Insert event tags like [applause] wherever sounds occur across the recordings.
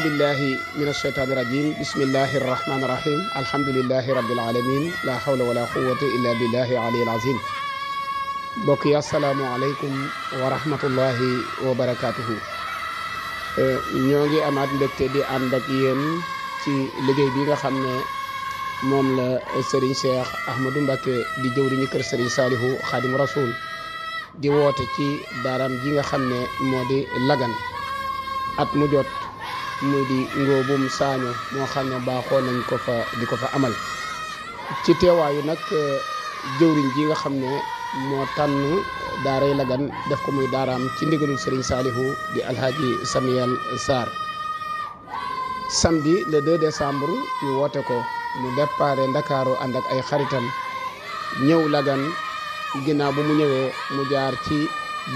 أعوذ بالله من الشيطان الرجيم بسم الله الرحمن الرحيم الحمد لله رب العالمين لا حول ولا قوة إلا بالله العلي العظيم بقي السلام عليكم ورحمة الله وبركاته ñoo ngi amaat mbégte di ànd ak yéen ci liggéey bi nga xam ne moom la Serigne Cheikh Ahmadou Mbacké di jëwriñu kër Serigne Salihu Khadim Rasoul di woote ci daaram ji nga xam ne moo di Lagane at mu jot muy di ngóobum saaño moo xam ne baaxoo nañ ko fa di ko fa amal ci teewaayu nag eh, jëwriñ ji nga xam ne moo tànn daaray Lagan def ko muy daaraam ci ndigalul sëriñ Salihu di alhaji Samuel Sarr samedi le 2 décembre ñu woote ko mu déparé ndakaaru ànd ak ay xaritam ñëw Lagan ginnaaw bu mu ñëwee mu jaar ci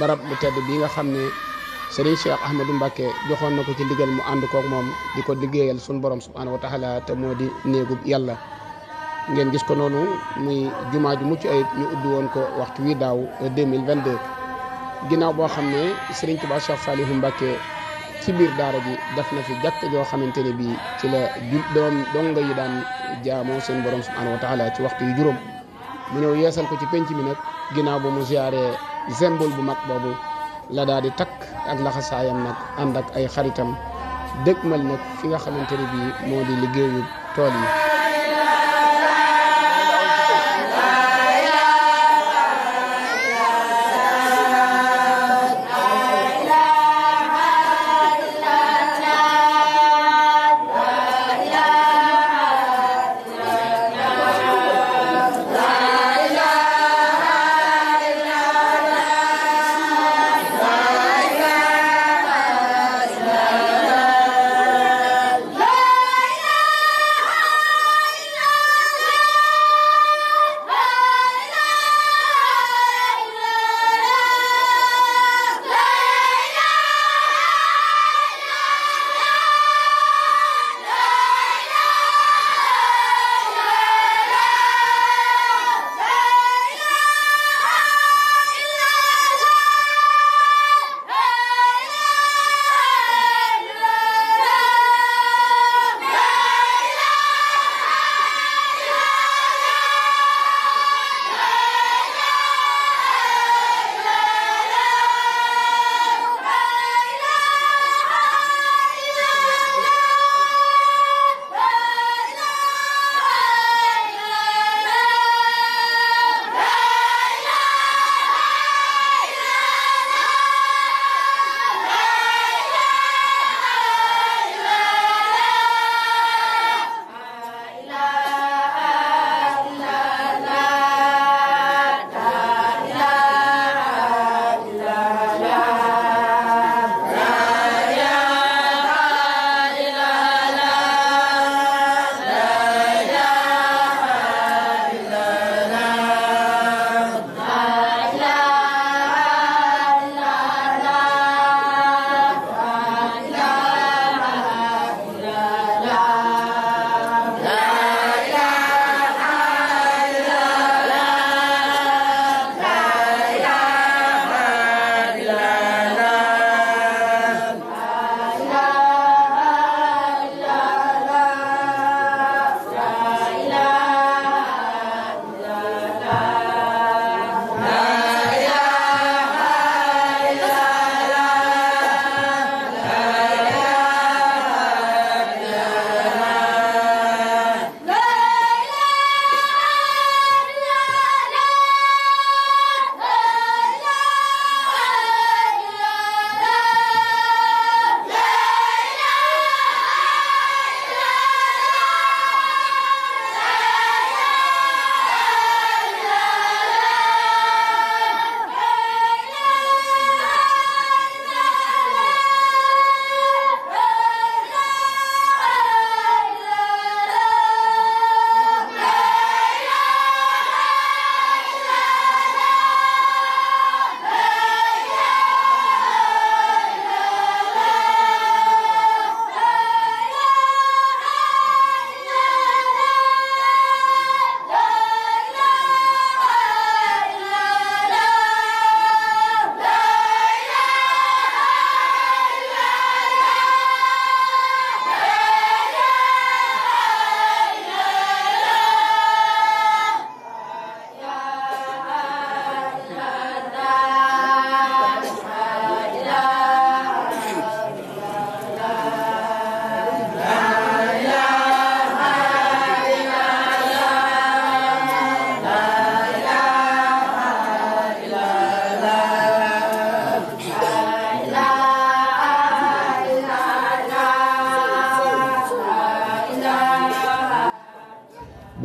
barab bu tedd bi nga xam ne sëriñ Cheikh Ahmadou Mbacke joxoon na ko ci ndigal mu ànd kook moom di ko liggéeyal sunu borom subhaanahu wa taala te moo di néegub yàlla ngeen gis ko noonu muy jumaa ju mucc ayib ñu ubbi woon ko waxtu wi daaw 2022 ginnaaw boo xam ne sëriñ Tuubaa Cheikh Saliou Mbacke ci biir daara ji def na fi jàkk joo xamante ne bii ci la ju doom donga yi daan jaamoo seen borom subhaanahu wa taala ci waxtu yu juróom mu ñëw yeesal ko ci penc mi nag ginnaaw ba mu ziyaare symbole bu mag boobu la daal di takk ak laxasaayam nag ànd ak ay xaritam dëgmal nag fi nga xamante ne bii moo di liggéeyu tool yi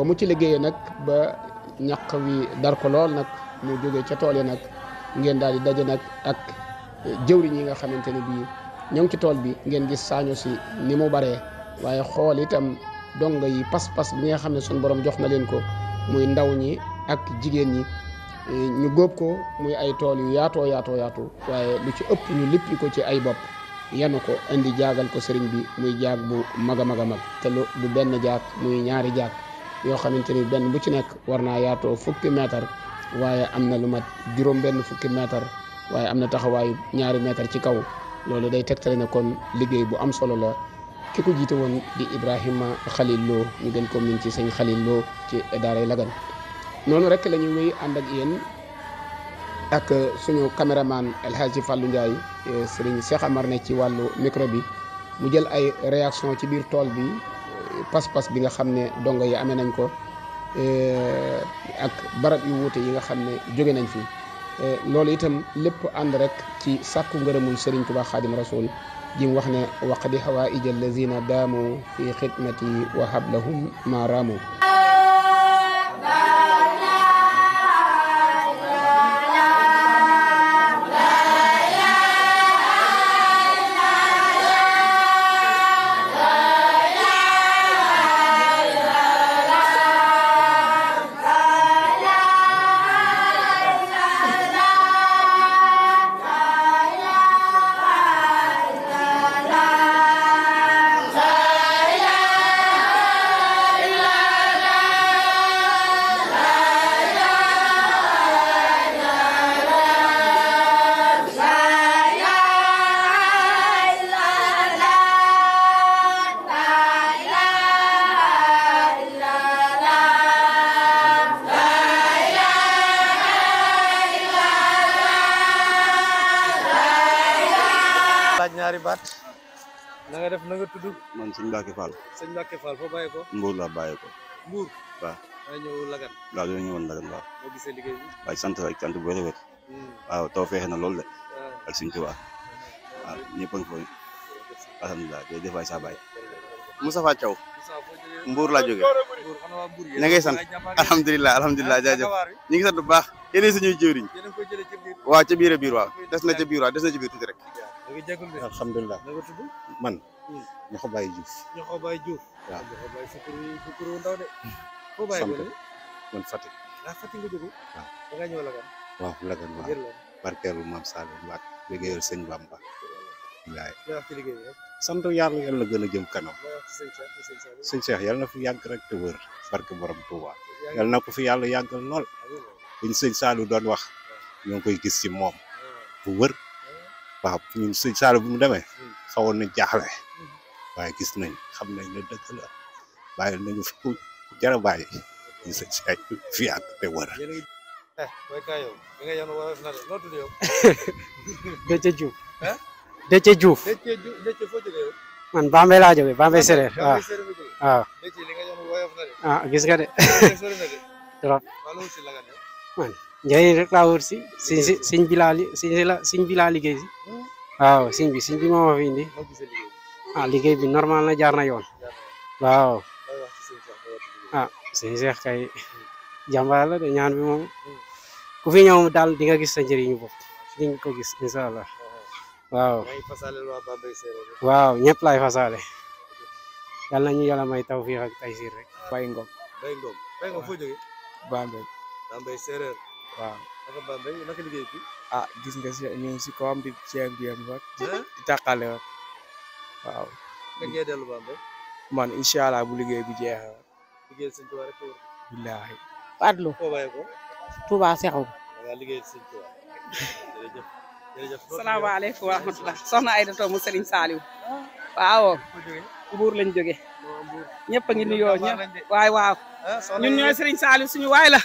mu ci liggéeyee nag ba ñaq wi dar ko lool nag mu jógee ca tool yi nag ngeen daal di daje nag ak jëwriñ yi nga xamante ni bii ñoo ngi ci tool bi ngeen gis saañu si ni mu bare waaye xool itam donga yi pas-pas bi nga xam ne suñu borom jox na leen ko muy ndaw ñi ak jigéen ñi ñu góob ko muy ay tool yu yaatoo yaatoo yaatu waaye lu ci ëpp ñu lippi ko ci ay bopp yanu ko indi jaagal ko sëriñ bi muy jaag bu mag a mag a mag te lu du benn jaag muy ñaari jaag yoo xamante ni benn bu ci nekk war naa yaatoo fukki mètre waaye am na lu mat juróom benn fukki mètre waaye am na taxawaayu ñaari mètre ci kaw loolu day tegtale ne kon liggéey bu am solo la ki ko jiite woon di Ibrahima Khalil Lo ñu gën ko min ci sëñ Khalil Lo ci daaray Lagan noonu rek lañuy ñuy wéy ànd ak yéen ak suñu caméraman El Hadji Fallou Ndiaye eh, sëriñ na ci wàllu micro bi mu jël ay réaction ci biir tool bi pas-pas bi nga xam ne dongo yi amee nañ ko e, ak barab yu wuute yi nga xam ne jóge nañ fi e, loolu itam lépp ànd rek ci sàkku ngërëmul Serigne Touba Khadim Rasoul ji mu wax ne waqdi hawaïja allazina daamu fi xidmati wa hablahum ma raamu ñaari baat na nga def na nga tudd man sëñ Mbacke Fall sëñ Mbacke Fall ko Mbour laa bàyyi ko Mbour waaw daa ñëw Lagan waaw dañoo ñëwoon Lagan waaw boo gisee sant rek sant bu wér a hmm. waaw taw feexe na loolu de ah. ak sëñ Tuubaa waaw ñëpp a ngi foofu alhamdulilah day def waay saa bàyyi Moustapha Thiaw Mbour laa jógee na ngay sant alhamdulilah alhamdulilah ah, jaajëf ñu ngi sant baax yéen suñuy jëwriñ waaw ca biir a biir waaw des na ca biir waaw des na ca biir rek alhamdulilah nga tudd man hmm. ñoxo baay Diouf ñoxo baay Diouf waaw ñoxo baay sukkur sukkur ndaw de foo bàyyi ko ni man Fatick ah Fatick nga jógu waaw da nga ñëw gën a jëm kanam sëñ Cheikh na fu yàgg rek te wër barke borom Touba yàlla na ko fi yàlla yàggal lool liñ sëñ Saliou doon wax ñoo ngi koy gis ci moom bu wër waaw ñun sëñ Saliou bu mu demee hmm. xawoon na jaaxle hmm. waaye gis nañ xam nañ ne dëgg la bàyyi nañu fi ku jar a bàyyi ñu sëñ wër. Eh, [laughs] Déthié Diouf. Déthié Diouf. man Bambey laa jógee Bambey séeréer ah gis nga de [laughs] njëriñ rek laa wër si si si siñ bi laa siñ bi laa liggéey si waaw siñ bi siñ bi moo ma fi indi ah liggéey bi normal na jaar na yoon waaw ah siñ seex kay jàmbaar la de ñaan bi moom ku fi ñëw daal di nga gis sa njëriñu bo di ko gis incha allah waaw waaw ñëpp laay fasaale yal na ñu yàlla may tawfiix ak taysiir rek. Baye Ngom waaw. naka Balla Mbaye naka liggéey bi. ah gis nga si ñu ngi bi yem rek. di waaw. man incha allah bu liggéey bi jeexee rek. liggéey waaw liggéey sëñ Tuubaa. jërëjëf jërëjëf. salaamaaleykum wa soxna Aïda mu Serigne Saliou. waaw. Mbuur lañ jógee. ñëpp a ngi nuyoo ñëpp waay waaw eh, ñun ñooy Serigne Saliou suñu waay la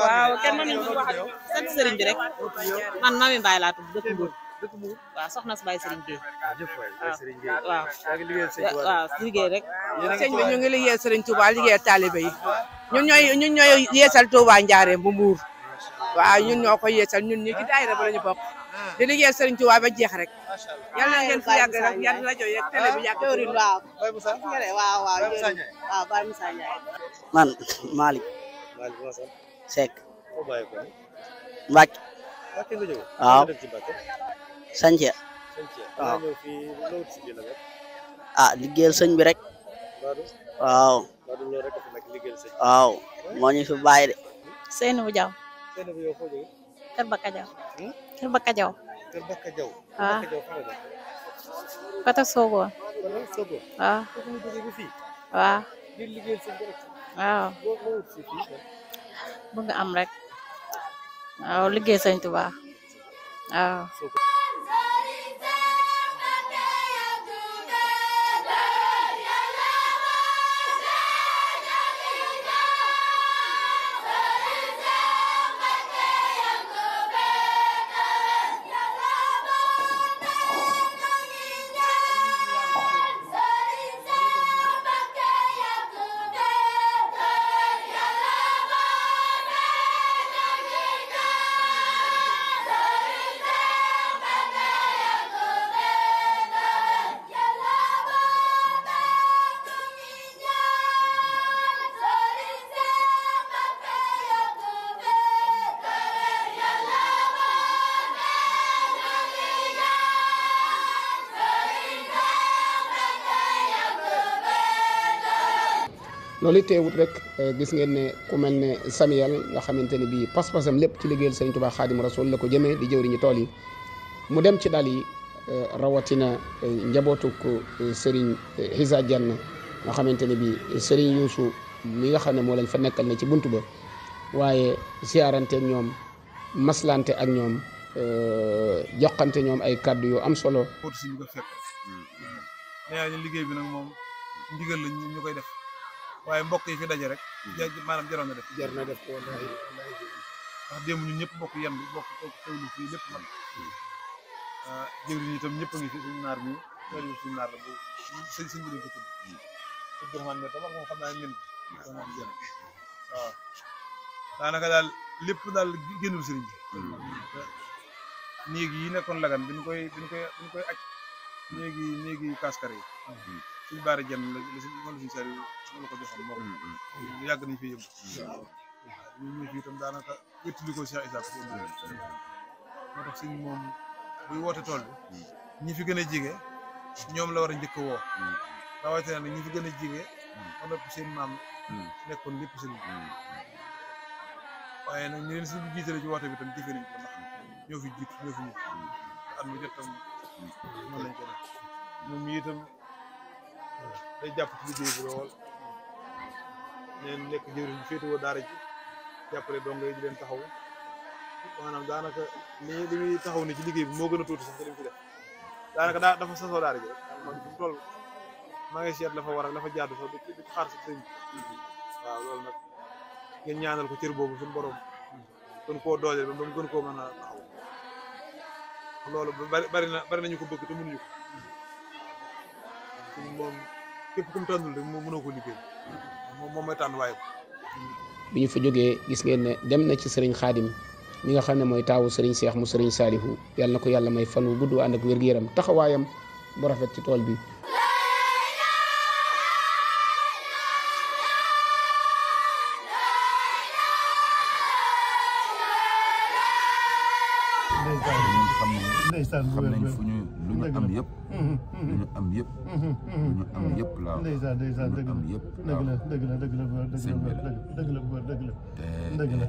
waaw kenn mënuñu ko wax sant Serigne bi rek man Mami Mbaye laa tudd dëkk Mbour waaw soxna si Baye Serigne Gueye ah, waaw waaw liggéey rek sëñ bi ñu ngi liggéeyal Serigne Touba liggéeyal taalibe yi ñun ñooy ñun ñooy yeesal Touba Njaareem bu Mbour waaw ñun ñoo ko yeesal ñun ñi ci daayira ba la ñu bokk di liggéey Serigne Touba ba jeex rek yal na ngeen fi yal na bi yàgg jëwrin waaw waaw waaw waaw Baye man Malick Seck Mbacke waaw Santhie waaw ah liggéeyal sëñ bi rek waaw waaw fi bàyyi de Seynabou Diaw Kër Baka waaw waaw waaw waaw am rek waaw ah, liggéey Sëñ Tuubaa ah. loolu teewut rek euh, gis ngeen ne ku mel ne Samuel nga xamante ne bii pas-pasam lépp ci liggéeyal Sëriñ Tuubaa Xaadimu Rasuul la ko jëmee di jëwriñu tool yi mu dem ci dal yi euh, rawatina euh, njabootuk sëriñ Hissa Dieng nga xamante ne bii Serigne Youssou mi nga xam ne moo lañ fa nekkal na ci buntu ba waaye siyaarante ak ñoom maslante ak ñoom joxante ñoom ay kàddu yu am solo. Hmm. Hmm. nee waaye mbokk yi fi daje rek. Hmm. maanaam jaroon na def. jar na def ko ñëpp bokk yemb bi bokk xewlu fii lépp man. Hmm. Ah, itam ñëpp a ngi fi suñu naar mi suñu suñu ko tudd. Hmm. Abdourahmane ne tamit moom xam naa ne daal lépp daal génnul sëriñ bi. néeg yi nekkoon lagan bi ñu koy bi ñu koy bi yi. suñu baara jëm la moom la suñu sari moom la ko joxoon moom mm, mm. lu yàgg nañu fi yëngu ñu ñëw fii itam daanaka wéttali ko Cheikh Issa ko mm, moo tax suñ moom buy woote tool bi ñi fi gën a jige ñoom la war a njëkk woo rawatina nag ñi fi gën a jige ba noppi seen maam nekkoon lépp seen waaye nag ñu leen suñu jiitale ci woote bi tam jëfe nañ ko ndax ñoo fi jiit ñoo fi ñu at mu jot tam noonu lañ ko def moom itam day jàpp ci liggéey bi lool neen nekk jëwriñ bi féetewoo daara ji jàppale dongo yi di leen taxaw maanaam daanaka li li muy taxaw ni ci liggéey bi moo gën a tuuti sax ci lim ci def daanaka daa dafa sasoo daara ji rek man bu toll maa ngi seet la fa war ak la jaadu sax di xaar sa sëñ waaw loolu nag ngeen ñaanal ko cër boobu suñu borom gën koo dooleel ba mu gën koo mën a taxaw loolu bari na bari nañu ko bëgg te moom képp ku mu tànnul ko liggéey moom moom mooy tànn waaye bi ñu fa jógee gis ngeen ne dem na ci sëriñ xaadim mi nga xam ne mooy taawu sëriñ seex mu sëriñ saalihu yàlla na ko yàlla may fan wu gudd ànd ak wér yaram taxawaayam bu rafet ci tool bi dëgg la dëgg la dëgg la dëgg la dëgg la dëgg la dëgg la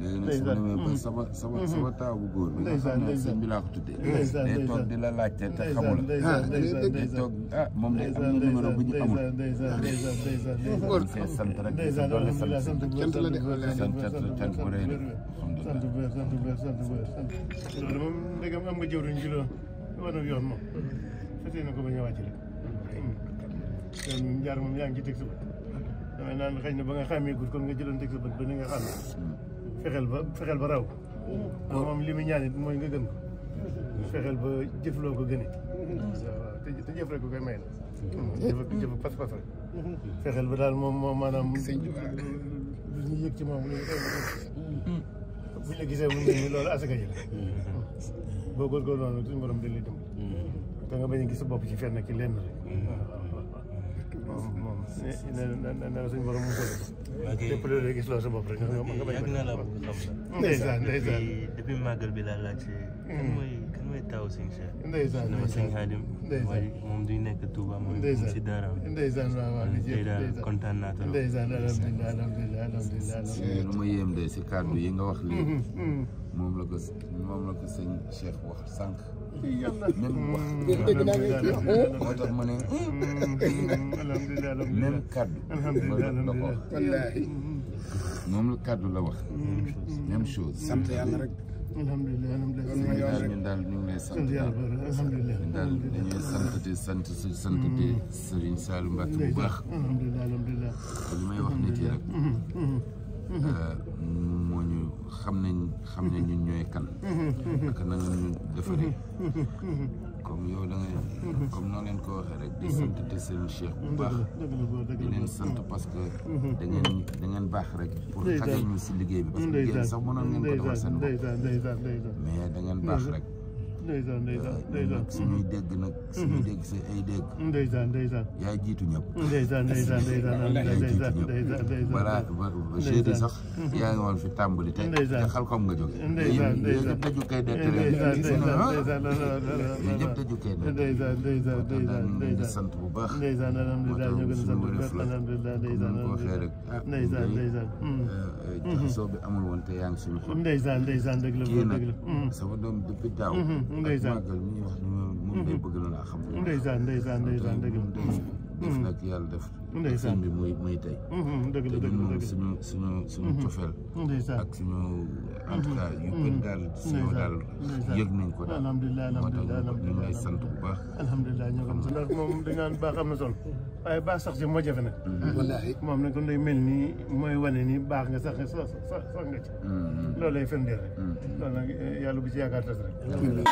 léegi nag su ma demee ba sama sama sama taaw bu góor bi nga xam ne sëñ bi laa ko tuddee day toog di la laajte te xamul day toog ah moom day am na numéro bu ñu amul see sant rek doole sant sant cant la de sant cant bu rëy la sant bu sant bu sant loolu moom ndegam am nga jëwriñ ci loolu war na yoon moom fekkee na ko ba ñëwaat ci rek yoon moom jaar moom yaa ngi ci teg sa bët damay naan xëy na ba nga xàmmee gud kon nga jëloon teg sa bët ba ni nga xam fexeel ba fexeel ba raw ndax mm. moom li mu ñaan it mooy nga gën ko fexeel ba jëfloo ko gënee mm. waaw te jëf rek ko koy may na mm. jëf jëf pas-pas mm-hmm. fexeel ba daal moom moom maanaam lu ñu ci moom lu gisee mu ngi loolu asaka yi la boo góorgóorlu noonu suñu borom dañ lay dimbali nga bañ a gis sa bopp ci fen ki lenn rek nee na suñu borom mu bëgg. lépp lu léegi si la nga nga bañ a. yàgg naa la bëgg xam la. ndeysaan ndeysaan depuis depuis màggal bi laa laajte. kan mooy mooy taw sëñ Cheikh. ndeysaan ndeysaan sëñ Xaadim. ndeysaan moom duñ nekk Touba moom. ndeysaan si daaraam. ndeysaan waaw waaw de si kàddu yi nga wax lii. moom la ko moom la ko sëñ Cheikh wax sànq. même mm. [laughs] wax. moo tax ma ne. Mm. même kaddu. la ko wax. moom la kaddu la wax. Mm. même chose. sant yàlla rek. alhamdulilah alhamdulilah ñun daal ñu ngi lay sant daal ñun daal dañuy sant di sant di sant di Serigne Saliou Mbacke bu baax. alhamdulilah alhamdulilah. li may wax nit yi rek. Mm-hmm. Mm-hmm. Euh, moo ñu xam nañ xam ne ñun ñooy kan ak nan ñu defaree comme yow da ngay comme noo leen ko waxee rek di sant te seen cheikh bu baax di leen sant parce que da ngeen da baax rek pour xajal si liggéey bi parce que liggéey bi sax mënoon ngeen ko defal mais da ngeen baax rek ndeysaan ndeysaan euh, ndeysaan suñuy dégg nag suñuy mm-hmm. dégg si ay dégg ndeysaan ndeysaan yaa jiitu ñëpp ndeysaan ndeysaan ndeysaan ndeysaan ndeysaan balaa jeudi sax mm-hmm. yaa ngi woon fi tàmbali tey te xalkom nga jóge yooyu yëpp dañu koy dekkale yooyu yëpp dañu koy dekkale di sant bu baax ndeysaan alhamdulilah ñu gën a sant bu baax alhamdulilah ndeysaan ndeysaan ndeysaan mm. euh, mm. soo bi amul woon te yaa ngi suñu xol ndeysaan ndeysaan dëgg la dëgg la mm. sama doom depuis daaw mm-hmm, ndeysaan ak màggal mi ñu wax ni moom lay mhm. bëgg la xam. ndeysaan ndeysaan ndeysaan dëgg la. def mhm. nag yàlla def. ndeysaan bi muy muy tey. Mhm, mhm, dëgg la dëgg la te suñu suñu suñu cofeel. ak suñu en tout cas yu daal suñu daal yëg nañ ko daal. alhamdulilah alhamdulilah alhamdulilah sant bu baax. alhamdulilah ñu ngi sant ndax moom dañu baax am na solo waaye baax sax si moo jafe nag. Ah, wallaahi moom nag kon day mel ni mooy wane ni baax nga sax sax sax nga ci. loolu lay firndeel rek. loolu eh, yàlla bu ci yaakaar tas rek.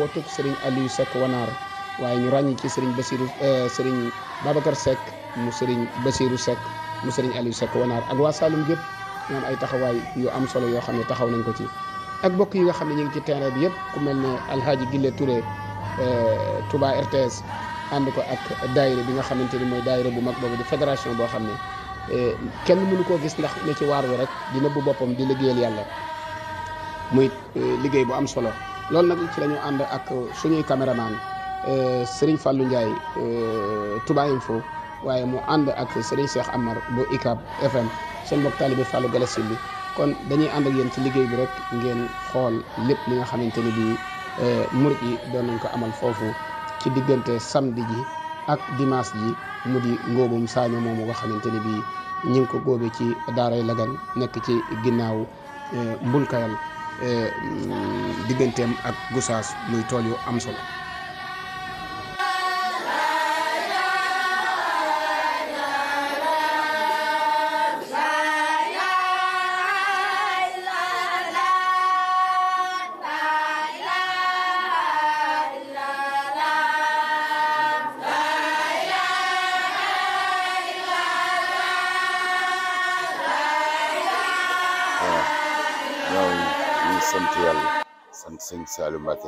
njabootug sëriñ Aliou Seck Wanaar waaye ñu ràññi ci sëriñ Basiru euh, sëriñ Babacar Seck mu sëriñ Basiru Seck mu sëriñ Aliou Seck Wanaar ak waa Saloum gépp ñoom ay taxawaay yu am solo yoo xam ne taxaw nañ ko ci ak bokk yi nga xam ne ñu ngi ci terrain bi yëpp ku mel ne Alhaji Gille Touré euh, Touba RTS ànd ko ak daayira bi nga xamante ni mooy daayira bu mag boobu di fédération boo xam ne euh, kenn mënu koo gis ndax ne ci waar wi rek dina bu boppam di liggéeyal yàlla muy liggéey bu am solo loolu nag ci la ànd ak suñuy caméraman eh, Serigne Fallou Ndiaye eh, Touba Info waaye mu ànd ak Serigne Cheikh Amar bu ICAB FM seen mbokk taalibe Fallou Galassine bi kon dañuy ànd ak yéen ci liggéey bi rek ngeen xool lépp li nga xamante ni bii eh, murit yi doon nañ ko amal foofu ci diggante samedi ji ak dimas ji mu di ngóobum saaño moomu nga xamante ni bii ñu ngi ko góobe ci daaray Lagan nekk ci ginnaaw mbulkayal Eh, mm, digganteem ak Gossas muy tool yu am solo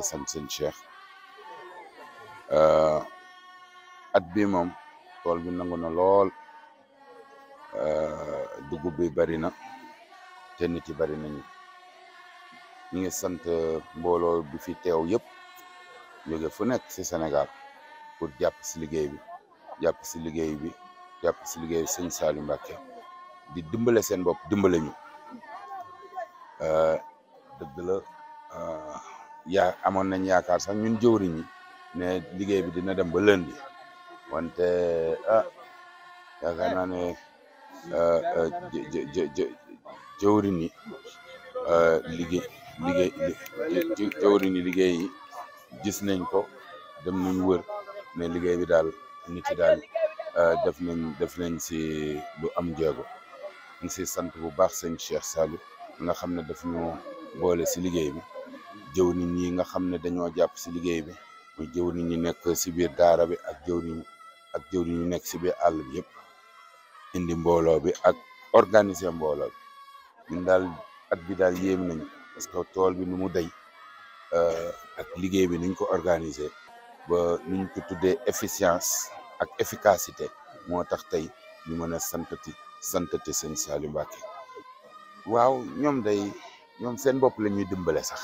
sant sëñ Cheikh euh, at bi moom tool bi nangu na lool euh, dugub bi bari na te nit yi bari nañu ñu ngi sant mbooloo bi fi teew yëpp jóge fu nekk ci senegal pour jàpp si liggéey bi jàpp ci liggéey bi jàpp ci liggéey sëñ Saliou Mbacké di dimbale seen bopp dimbale ñu euh, dëgg la yaa amoon nañ yaakaar sax ñun jëwriñ ne liggéey bi dina dem ba lundi wante ah yaakaar naa ne ah, ah, jëwriñ ah, liggéey liggéey gis nañ ko dem nuñ wër ne liggéey bi daal nit daal def nañ def nañ si bu am jéego ñu si sant bu baax sëñ Cheikh Saliou na xam ne daf ñu boole si liggéey bi nit yi nga xam ne dañoo jàpp si liggéey bi mu muy jëwriñ ñi nekk si biir daara bi ak jëwriñ ak jëwriñ ñi nekk si biir àll bi yëpp indi mbooloo bi ak organiser mbooloo bi ñun daal at bi daal yéem nañu parce que tool bi nu mu dey euh, ak liggéey bi nuñ ko organiser ba nuñ ko tuddee efficience ak efficacité moo tax tey ñu mën a santati santati sëñ waaw ñoom day ñoom seen bopp lañuy dimbale sax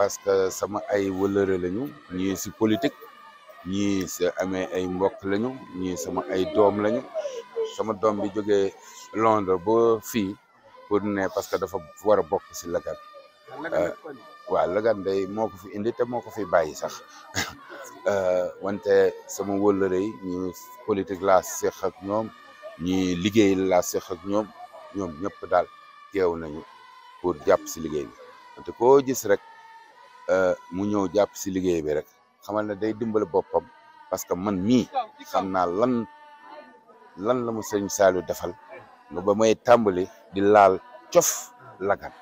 parce que sama ay wëlëre lañu ñii si politique ñii si amee ay mbokk lañu ñii sama ay doom lañu sama doom bi jógee Londres ba fii pour ne parce que dafa war a bokk si lagan waa lagan euh, day moo ko fi indi te moo ko fi bàyyi sax [laughs] euh, wante sama wëlëre yi ñii politique laa seq ak ñoom ñii liggéey laa seq ak ñoom ñoom ñëpp daal teew nañu pour jàpp si liggéey bi wante koo gis rek Euh, mu ñëw jàpp si liggéey bi rek xamal ne day dimbali boppam parce que man mii xam naa lan lan la mu sëñ Saliou defal nga ba may tàmbali di laal cof lagan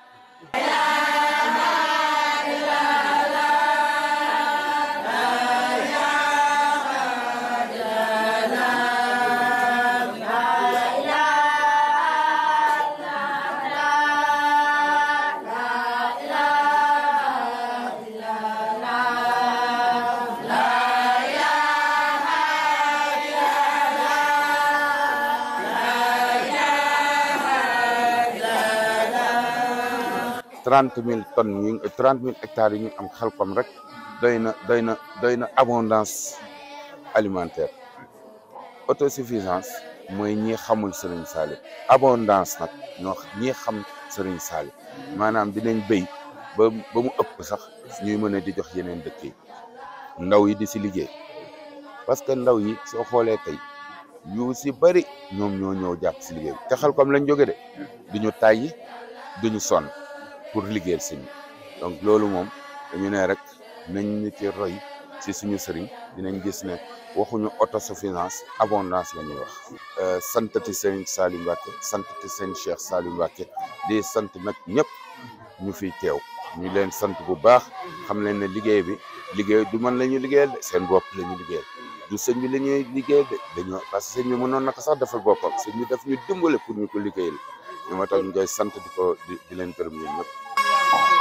trente mille tonnes yu trente mille hectares yu ñu am xelkom rek doy na doy na doy na abondance alimentaire autosuffisance mooy ñi xamul Serigne Saliou abondance nag ñi xam Serigne Saliou maanaam dinañ béy ba ba mu ëpp sax ñuy mën a di jox yeneen dëkk yi ndaw yi di si liggéey parce que ndaw yi soo xoolee tey yu si bëri ñoom ñoo ñëw jàpp si liggéey te xelkom lañ joge de duñu tàyyi duñu sonn pour liggéeyal sëñ donc loolu moom dañu ne rek nañ ñu ci roy ci suñu sëriñ dinañ gis ne waxuñu autosuffisance abondance la ñuy wax euh, santati sëriñ Saliou Mbacké santati sëriñ Cheikh Saliou Mbacké di sant nag ñëpp ñu fiy teew ñu leen sant bu baax xam leen ne liggéey bi liggéey du man la ñu liggéeyal de seen bopp la ñu du sëñ bi la ñuy liggéeyal de dañoo parce que sëñ bi mënoon naka sax defal boppam sëñ bi daf ñu dimbale pour ñu ko liggéeyal moo tax ñu koy sant di ko di leen gërëm yéen